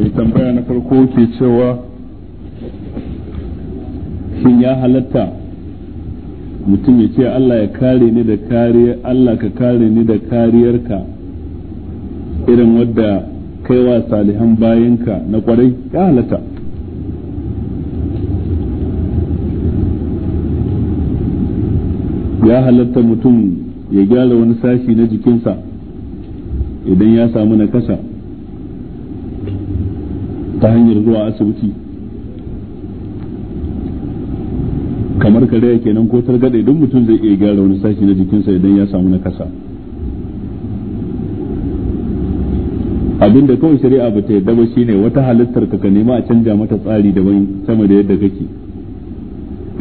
mai tambaya na farko ke cewa shin ya halatta mutum ya ce Allah ya kare ni da kariyar Allah ka kare ni da kariyarka irin wadda kaiwa salihan bayanka na kwarai ya halatta ya halatta mutum ya gyara wani sashi na jikinsa idan ya samu na kasa ta hanyar zuwa asibiti kamar kare kenan ko targade don mutum zai iya gyara wani sashi na jikinsa idan ya samu na nakasa abinda kawai shari'a ba ta yadda ba shi ne wata halittar ka nema a canja mata tsari daban sama da yadda kake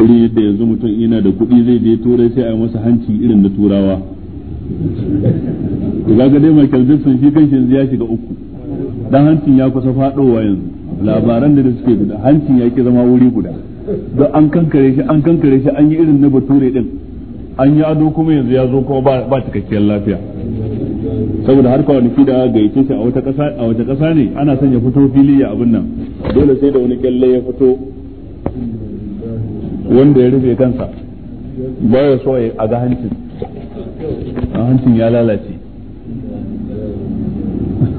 iri yadda yanzu mutum yana da kuɗi zai je turai sai a yi masa hanci irin na turawa za ka dai Michael Jackson shi kan yanzu ya shiga uku dan hancin ya kusa fadowa yanzu labaran da suke guda hancin ya ki zama wuri guda don an kankare shi an kankare shi an yi irin na bature din an yi ado kuma yanzu ya zo kuma ba cikakkiyar lafiya saboda har kwanaki da gaice shi a wata kasa a wata kasa ne ana son ya fito fili ya abin nan dole sai da wani kyalle ya fito wanda ya rufe kansa ya so a ga hancin hancin ya lalace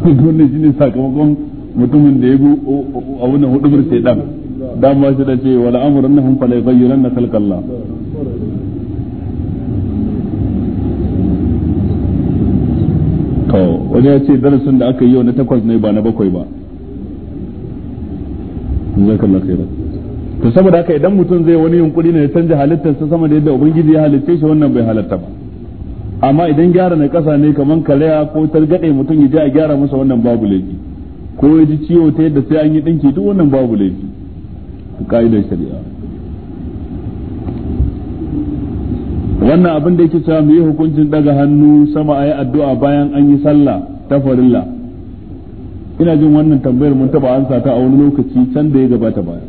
wannan ne sakamakon mutumin da ya bu a wannan hudubar shaidan dama shi da ce wala amuran nahum fala yughayyirunna khalqallah to wani ya ce darasin da aka yi yau na takwas ne ba na bakwai ba jazakallahu khairan to saboda haka idan mutum zai wani yunkuri ne ya canja halittarsa sama da yadda ubangiji ya halitta shi wannan bai halatta ba amma idan gyara na kasa ne kamar kalaya ko gade mutum ya je a gyara masa wannan babu laifi ko ya ji ciwo ta yadda sai an yi dinki duk wannan babu laifi ka'idar shari'a wannan abin da yake cewa mu yi hukuncin daga hannu sama a yi addu'a bayan an yi sallah ta farilla ina jin wannan tambayar mun taba ansa ta a wani lokaci can da ya gabata baya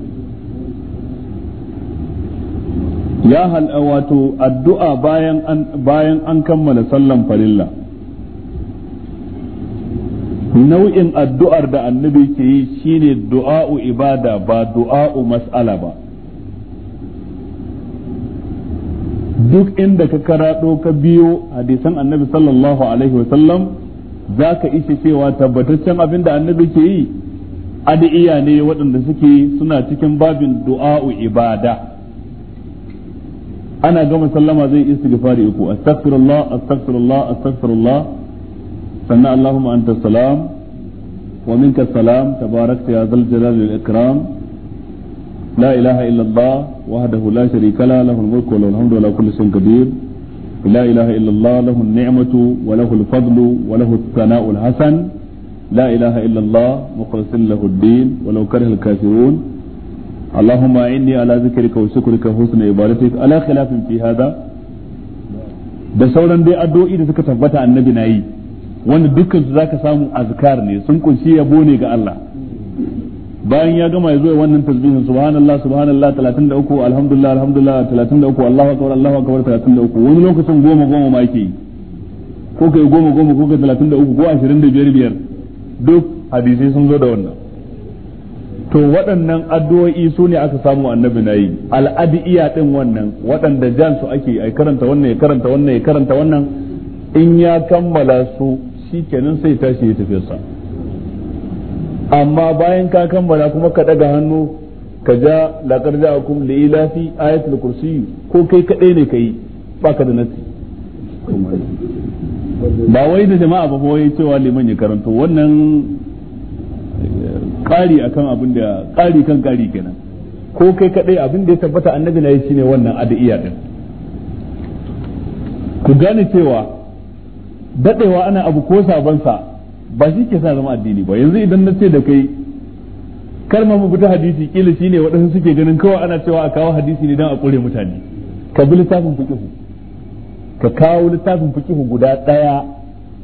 ya hala eh, wato addu'a bayan an bayan an kammala sallan farilla nau'in addu'ar da annabi ke yi shine du'a'u ibada ba du'a'u mas'ala ba duk inda ka karaɗo ka biyo hadisan annabi sallallahu alaihi wasallam za ka ishe cewa tabbataccen abin da annabi ke yi adi'iya ne waɗanda suke suna cikin babin du'a'u ibada ana gama sallama zai istighfari uku astaghfirullah astaghfirullah astaghfirullah sannan allahumma anta salam wa minka salam tabarakta ya zal jalal wal ikram la ilaha illa allah wahdahu la sharika la lahu al mulku wa lahu al hamdu wa kulli shay'in qadir لا إله إلا الله له النعمة وله الفضل وله الثناء الحسن لا إله إلا الله مخلص له الدين ولو كره الكافرون اللهم إني على ذكرك وشكرك وحسن عبادتك على خلاف في هذا da sauran dai addu'o'i da suka tabbata annabi na yi wanda dukkan su zaka samu azkar ne sun kunshi yabo ne ga Allah bayan ya gama yazo wannan tasbihin subhanallah subhanallah 33 alhamdulillah alhamdulillah 33 Allahu akbar Allahu akbar 33 wani lokacin goma goma ma yake ko kai goma goma ko kai 33 ko 25 biyar duk hadisi sun zo da wannan to waɗannan addu'o'i su ne aka samu annabi na yi al'adi'iya ɗin wannan waɗanda jan su ake a karanta wannan ya karanta wannan ya karanta wannan in ya kammala su shi kenan sai tashi ya sa amma bayan ka kammala kuma ka ɗaga hannu ka ja laƙar ja'akum li ilafi ayatul kursi ko kai kaɗai ne ka yi ba ka da nasi ba wai da jama'a ba wai cewa liman ya karanto wannan kari akan abin da kari kan kari kenan ko kai kadai abin da ya tabbata annabi na yi shine wannan adiya din ku gane cewa dadewa ana abu ko sabon sa ba shi ke sa zama addini ba yanzu idan na ce da kai kalmar mu hadisi kila shine wadansu suke ganin kawai ana cewa a kawo hadisi ne don a kure mutane ka bi littafin fiqh ka kawo littafin fikihu guda ɗaya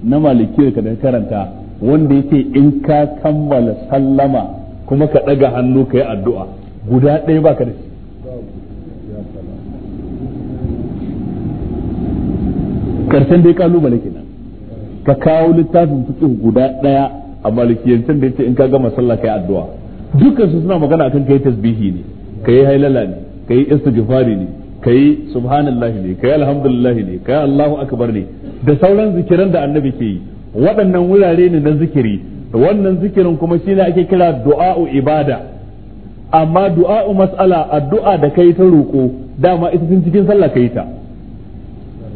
na malikiyar ka da karanta wanda yake in ka kammala sallama kuma ka ɗaga hannu ka yi addu'a guda ɗaya baka da shi karshen dai kalubale kenan ka kawo littafin fikin guda ɗaya a malikiyancin da yake in ka gama sallah kai addu'a dukkan su suna magana akan kai tasbihi ne kai hailala ne kai istighfari ne kai subhanallah ne kai alhamdulillah ne kai allahu akbar ne da sauran zikiran da annabi ke yi waɗannan wurare ne na zikiri wannan zikirin kuma shine ake kira du'a'u ibada amma du'a'u mas'ala addu'a da kai ta roƙo dama ita tun cikin sallah kai ta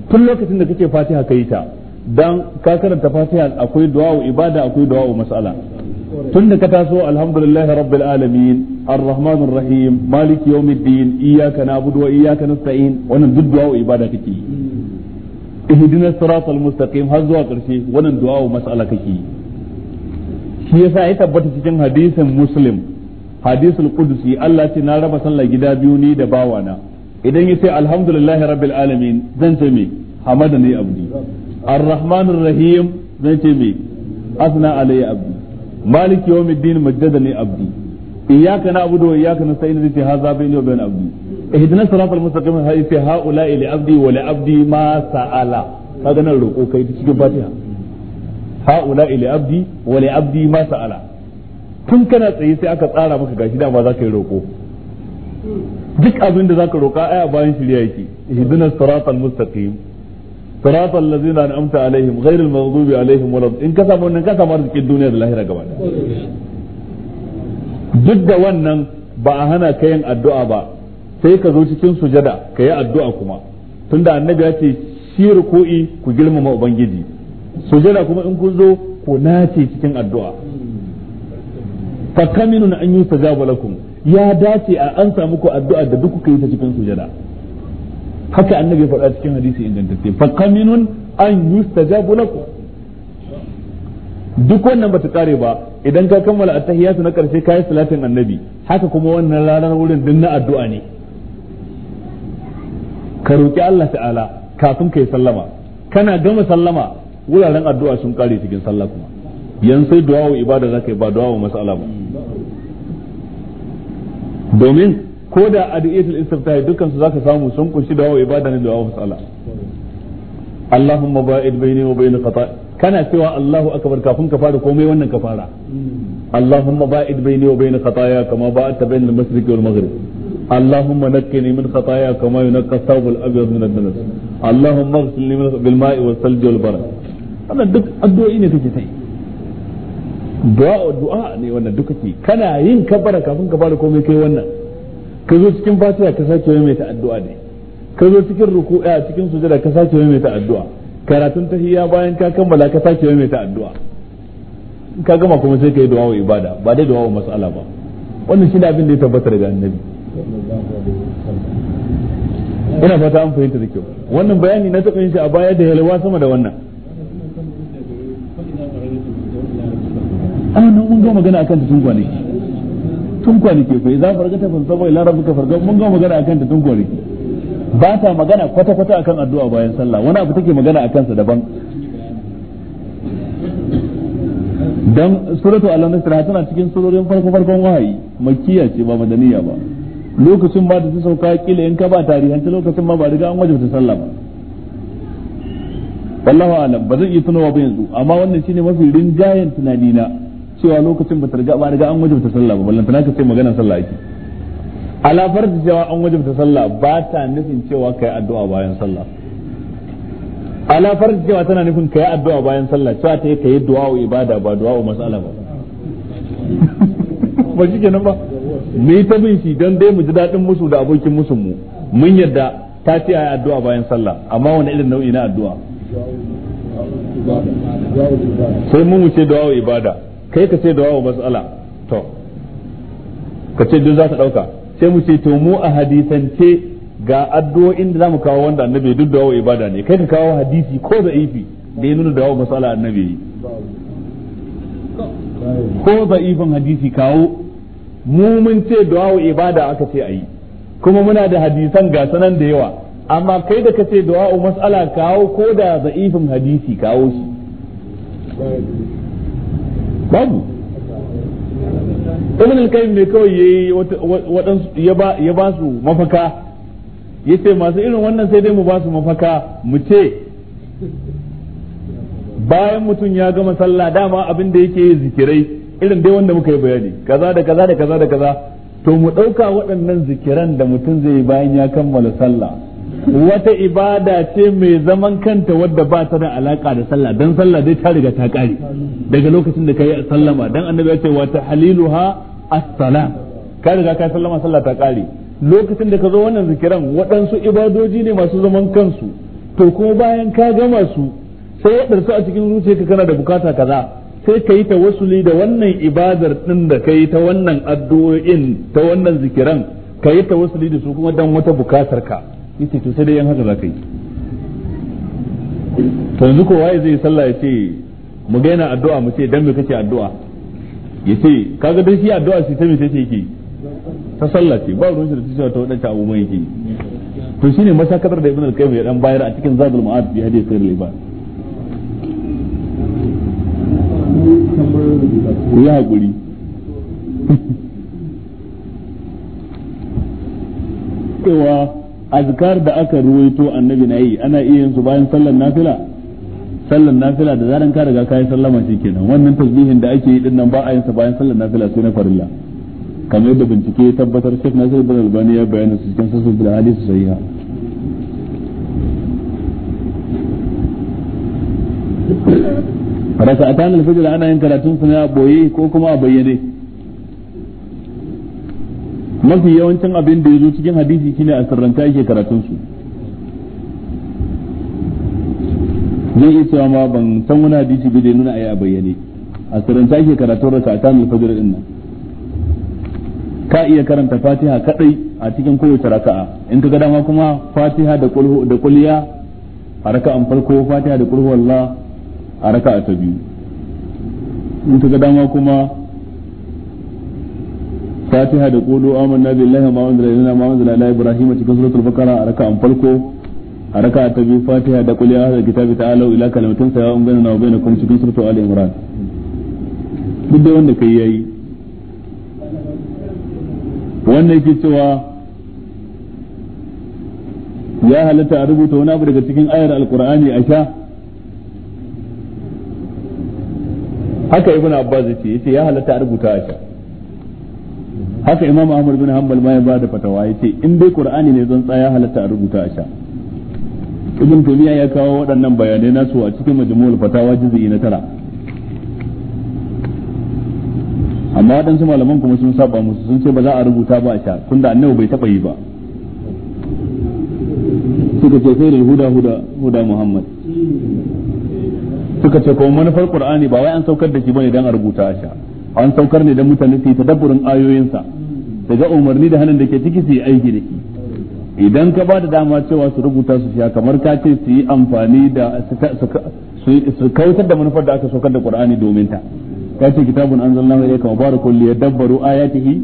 tun lokacin da kake fatiha kai ta dan ka karanta fatiha akwai du'a'u ibada akwai du'a'u mas'ala tun da ka taso alhamdulillah rabbil alamin arrahmanir rahim maliki yawmiddin iyyaka na'budu wa iyyaka nasta'in wannan duk du'a'u ibada kake yi ihdina siratal mustaqim har zuwa karshe wannan du'a mas'ala kake yi shi yasa ya tabbata cikin hadisin muslim hadisul qudsi Allah ce na raba sallah gida biyu ni da bawana idan yace alhamdulillahi rabbil alamin zan ce me hamada ne abdi arrahmanir rahim zan ce me asna alayya abdi maliki yawmiddin majjada ne abdi iyyaka na'budu wa iyyaka nasta'in zai ce hadha bayni wa bain abdi ihdinas haula ila abdi wa abdi ma sa'ala kaga nan roko kai cikin fatiha haula ila abdi wa abdi ma sa'ala tun kana tsaye sai aka tsara maka gashi da ba za ka yi roko duk abin da zaka roka aya bayan shirya yake ihdinas siratal mustaqim صراط الذين انعمت عليهم غير المغضوب duk da wannan ba a hana ka yin addu'a ba sai ka zo cikin sujada ka yi addu'a kuma tunda annabi ya ce shi ruku'i ku girmama ubangiji sujada kuma in kun zo ku nace cikin addu'a fa kaminun an yustajabu lakum ya dace a an samu ku addu'a da duk kuka yi ta cikin sujada haka annabi ya faɗa cikin hadisi ingantacce fa kaminun an yustajabu lakum duk wannan bata kare ba idan ka kammala attahiyatu na karshe kai salatin annabi haka kuma wannan ranar wurin din na addu'a ne ka roki Allah ta'ala kafin kai sallama kana gama sallama wuraren addu'a sun kare cikin sallah kuma yan sai du'a wa ibada zaka yi ba du'a wa mas'ala ba domin ko da adiyatul istiftah dukkan su zaka samu sun kunshi du'a wa ibada ne du'a wa mas'ala Allahumma ba'id baini wa bain kana cewa Allahu akbar kafin ka fara komai wannan ka fara Allahumma ba'id baini wa bain khataaya kama ba'adta bain al wal maghrib اللهم نقني من خطايا كما ينقى الثوب الابيض من الدنس اللهم اغسلني من بالماء والثلج والبرد wannan duk addu'o'i ne kake sai du'a du'a ne wannan duk kake kana yin kabbara kafin ka fara komai kai wannan ka zo cikin fatiha ka sake mai ta addu'a ne ka cikin ruku'a cikin sujada ka sake mai ta addu'a karatun tahiyya bayan ka kammala ka sake mai ta addu'a ka gama kuma sai ka yi du'a wa ibada ba dai du'a wa mas'ala ba wannan shi ne abin da ya tabbatar daga annabi ina fata an fahimta da kyau wannan bayani na taɓa yin shi a baya da yalwa sama da wannan an ah, nan mun ga magana akan ta tun kwanaki tun kwanaki fa za fargata fa sabo ila rabbika farga mun ga magana akan ta tun kwanaki ba ta magana kwata kwata akan addu'a bayan sallah wani abu take magana akan sa daban dan suratu al-nasr tana cikin surorin farko farkon wahayi makkiya ce ba madaniya ba lokacin ba da ta sauka kila in ka ba tarihanta lokacin ma ba riga an wajabta sallah ba wallahu alam ba zan iya tunawa ba yanzu amma wannan shine mafi rinjayen tunani na cewa lokacin ba ta riga ba riga an ta sallah ba ballan tunaka sai magana sallah yake ala farz cewa an ta sallah ba ta nufin cewa kai addu'a bayan sallah ala farz cewa tana nufin kai addu'a bayan sallah cewa ta yi kai du'a ibada ba du'a mas'ala ba ba shi kenan ba mu yi ta bin shi don dai mu ji daɗin musu da abokin musu mu mun yadda ta ce a addu'a bayan sallah amma wani irin nau'i na addu'a sai mu ce wawo ibada kai ka ce du'a mas'ala to ka ce duk za ta dauka sai mu ce to mu a hadisance ga addu'o'in da zamu kawo wanda annabi duk wawo ibada ne kai ka kawo hadisi ko da ifi da ya nuna du'a mas'ala annabi ko da ifin hadisi kawo mu mun ce du'a ibada aka ce a yi kuma muna da hadisan ga sanan da yawa amma kai da kace du'a mas'ala kawo ko da za'ifin hadisi kawo shi babu ibn al-qayyim ne kawai yayi waɗansu ya ba su mafaka yace masu irin wannan sai dai mu ba su mafaka mu ce bayan mutum ya gama sallah dama abin da yake zikirai irin dai wanda muka yi bayani kaza da kaza da kaza da kaza to mu ɗauka waɗannan zikiran da mutum zai yi bayan ya kammala sallah wata ibada ce mai zaman kanta wadda ba ta da alaka da sallah dan sallah dai ta riga ta kare daga lokacin da kai sallama dan annabi ya ce wa haliluha as-salam ka riga ka sallama sallah ta kare lokacin da ka zo wannan zikiran waɗansu ibadoji ne masu zaman kansu to kuma bayan ka gama su sai ya ɗarsu a cikin zuciyarka kana da bukata kaza sai ka yi tawassuli da wannan ibadar din da ka yi ta wannan addu'o'in ta wannan zikiran ka yi tawassuli da su kuma dan wata bukatar ka yace to sai dai yan haka zaka yi to yanzu ko waye zai sallah ya ce mu ga yana addu'a mu ce dan me kake addu'a ya ce kaga dan shi addu'a shi ta me sai yake ta sallah ce ba ruwan shi da tisha ta wadanta abubuwan yake to shine masakar da ibn al-qayyim ya dan bayar a cikin zadul ma'ad bi hadith khairul ibad ya hakuri haƙuri cewa azkar da aka ruwaito annabi na yi ana iya yin su bayan sallar nafila sallar nafila da zaran ka riga kayan sallama shi kenan wannan tasbihin da ake yi din nan ba a yin sa bayan sallar nafila sai na farilla kamar yadda bincike ya tabbatar Sheikh Nasir bin Albani ya bayyana su cikin sassan da hadisi sahiha rasa a tanar fajr ana yin karatun su ne a boye ko kuma a bayyane mafi yawancin abin da ya zo cikin hadisi shine a sirranta yake karatun su zai iya cewa ma ban san wani hadisi bi da nuna a yi a bayyane a sirranta yake karatun rasa a tanar din nan ka iya karanta fatiha kadai a cikin kowace raka'a in ka ga dama kuma fatiha da kulhu da kulliya a raka'an farko fatiha da kulhu wallah a raka'a ta biyu in ka ga dama kuma fatiha da qulu amanna billahi ma unzila ilaina ma lalai ila ibrahima cikin suratul bakara a raka'an farko a raka'a ta biyu fatiha da qul ya ahlal kitabi ta'alu ila kalimatin sawa'un bai wa kuma cikin suratul ali imran duk da wanda kai yayi wannan yake cewa ya halatta a rubuta wani abu daga cikin ayar alkur'ani a sha haka ibn abbas yace yace ya halatta a rubuta a sha haka imam ahmad bin hanbal ma ya bada fatawa yace in dai qur'ani ne zan tsaya halatta a rubuta a sha ibn tumiya ya kawo waɗannan bayanai nasu a cikin majmu'ul fatawa juz'i na tara amma waɗansu malaman kuma sun saba musu sun ce ba za a rubuta ba a sha tunda annabi bai taɓa yi ba suka ce sai huda huda huda muhammad suka ce kuma manufar qur'ani ba wai an saukar da shi bane dan a rubuta shi an saukar ne dan mutane su yi tadabburin ayoyinsa daga umarni da hannun da ke ciki su yi aiki da shi idan ka ba da dama cewa su rubuta su sha kamar ka ce su yi amfani da su kautar da manufar da aka saukar da qur'ani domin ta ka ce kitabun anzalnahu ilayka mubarakun yadabbaru ayatihi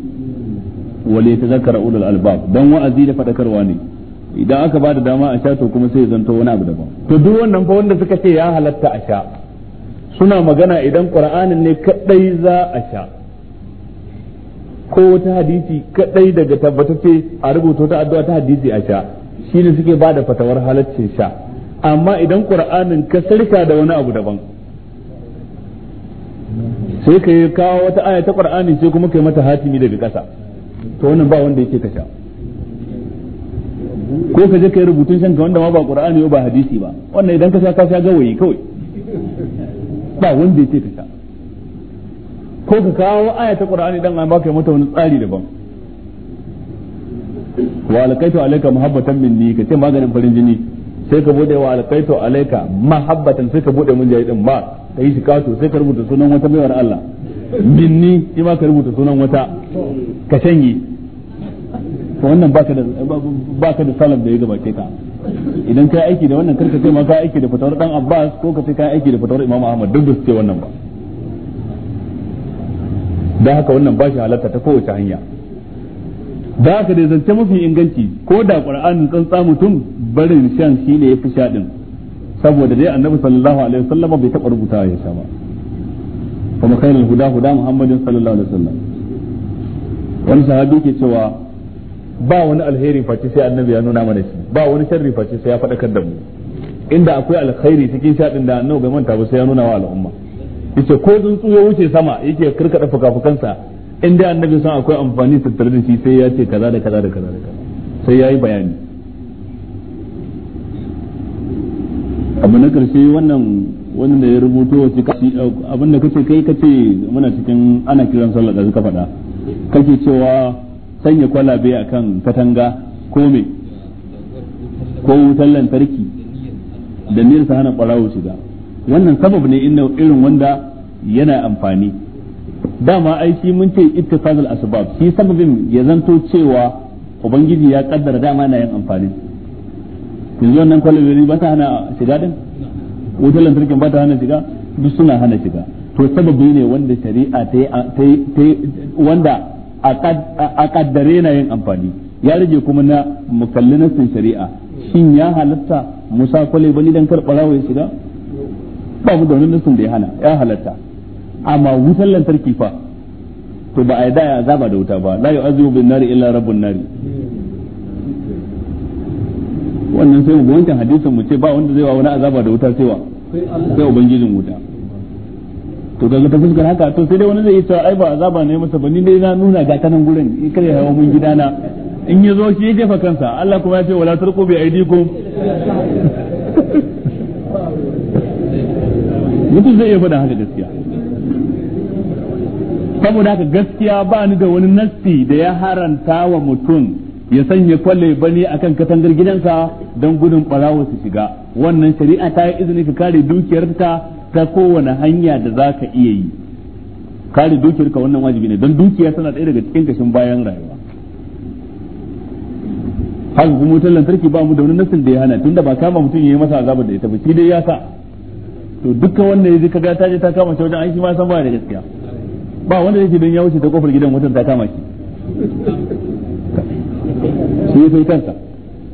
wa liyatadhakkara ulul albab dan wa'azi da fadakarwa ne idan aka ba da dama a sha to kuma sai zanto wani abu daban to duk wannan fa wanda suka ce ya halatta a sha suna magana idan qur'anin ne kadai za a sha ko wata hadisi kadai daga tabbatacce a rubuta ta addu'a ta hadisi a sha shine suke ba da fatawar halaccin sha amma idan qur'anin ka sarka da wani abu daban sai ka kawo wata aya ta qur'ani sai kuma kai mata hatimi daga ƙasa to wannan ba wanda yake ta sha ko ka je ka yi rubutun shanka wanda ma ba qur'ani ba hadisi ba wannan idan ka sha ka sha gawayi kawai ba wanda ya ce ka sha ko ka kawo aya ta qur'ani dan an baka mata wani tsari daban wa alqaitu alayka muhabbatan minni ka ce maganin farin jini sai ka bude wa alqaitu alayka muhabbatan sai ka bude mun jayi din ba ka yi shikato sai ka rubuta sunan wata baiwar Allah minni ima ka rubuta sunan wata ka shanye to wannan baka da baka da salaf da ya gabace ka idan kai aiki da wannan karka ce ma kai aiki da fatawar dan Abbas ko ka ce kai aiki da fatawar Imam Ahmad duk ba su ce wannan ba da haka wannan ba shi halatta ta kowace hanya da haka da zance mafi inganci ko da kan tsantsa mutum barin shan shi ne yafi shadin saboda dai annabi sallallahu alaihi wasallam bai taɓa rubuta ya sha ba kuma khairul huda huda muhammadin sallallahu alaihi wasallam wani sahabi ke cewa ba wani alheri face sai annabi ya nuna mana shi ba wani sharri face sai ya faɗakar da mu inda akwai alkhairi cikin shaɗin da annabi bai manta ba sai ya nuna wa al'umma yace ko tsuntsu ya wuce sama yake karkada fukafukansa in dai annabi san akwai amfani tattare da shi sai ya ce kaza da kaza da kaza da kaza sai yayi bayani abu na karshe wannan wannan da ya rubuto wace kashi abin da kace kai kace muna cikin ana kiran sallah da suka faɗa kake cewa sanya kwalabe a kan katanga ko me ko wutar lantarki da niyyar sa hana ɓarawo shiga wannan sabab ne inna irin wanda yana amfani dama ai shi mun ce ittifazul asbab shi sababin ya zanto cewa ubangiji ya kaddara dama na yin amfani yanzu wannan kwalabe ba ta hana shiga din wutar lantarkin ba ta hana shiga duk suna hana shiga to sababi ne wanda shari'a ta yi wanda a kaddare na yin amfani ya rage kuma na mukalli shari'a shin ya halatta musa kwale bani dan karɓa ya shiga ba mu da wani nassin da ya hana ya halatta amma wutar lantarki fa to ba a yi daya azaba da wuta ba la yu'azibu bin nari illa rabbun nari wannan sai mu wancan hadisin mu ce ba wanda zai wa wani azaba da wuta sai wa sai ubangijin wuta to daga ta fuskar haka to sai dai wani zai yi cewa ai ba azaba ne masa ba ni dai na nuna ga ta gurin in kare hawa mun gidana in ya zo shi ya jefa kansa Allah kuma ya ce wala tarqu bi aidikum mutum zai iya faɗa haka gaskiya saboda haka gaskiya ba ni da wani nassi da ya haranta wa mutum ya sanya kwalle bane akan katangar gidansa don gudun ɓarawo su shiga wannan shari'a ta yi izini ka kare dukiyarta ta kowane hanya da za ka iya yi kare dukiyarka wannan wajibi ne don dukiya tana ɗaya daga cikin kashin bayan rayuwa haka kuma wutar lantarki ba mu da wani nasin da ya hana tunda ba kama mutum ya yi masa azabar da ya tafi shi dai ya sa to dukkan wannan ya ji kaga ta je ta kama shi wajen aiki ma san ba da gaskiya ba wanda yake don ya wuce ta kofar gidan wutar ta kama shi shi ya sai kansa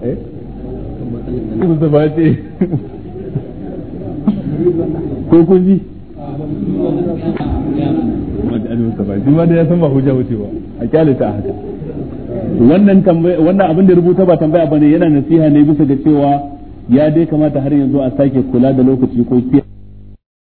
eh ko kun ji abin da rubuta ba tambaya bane yana nasiha ne bisa ga cewa ya dai kamata har yanzu a sake kula da lokaci ko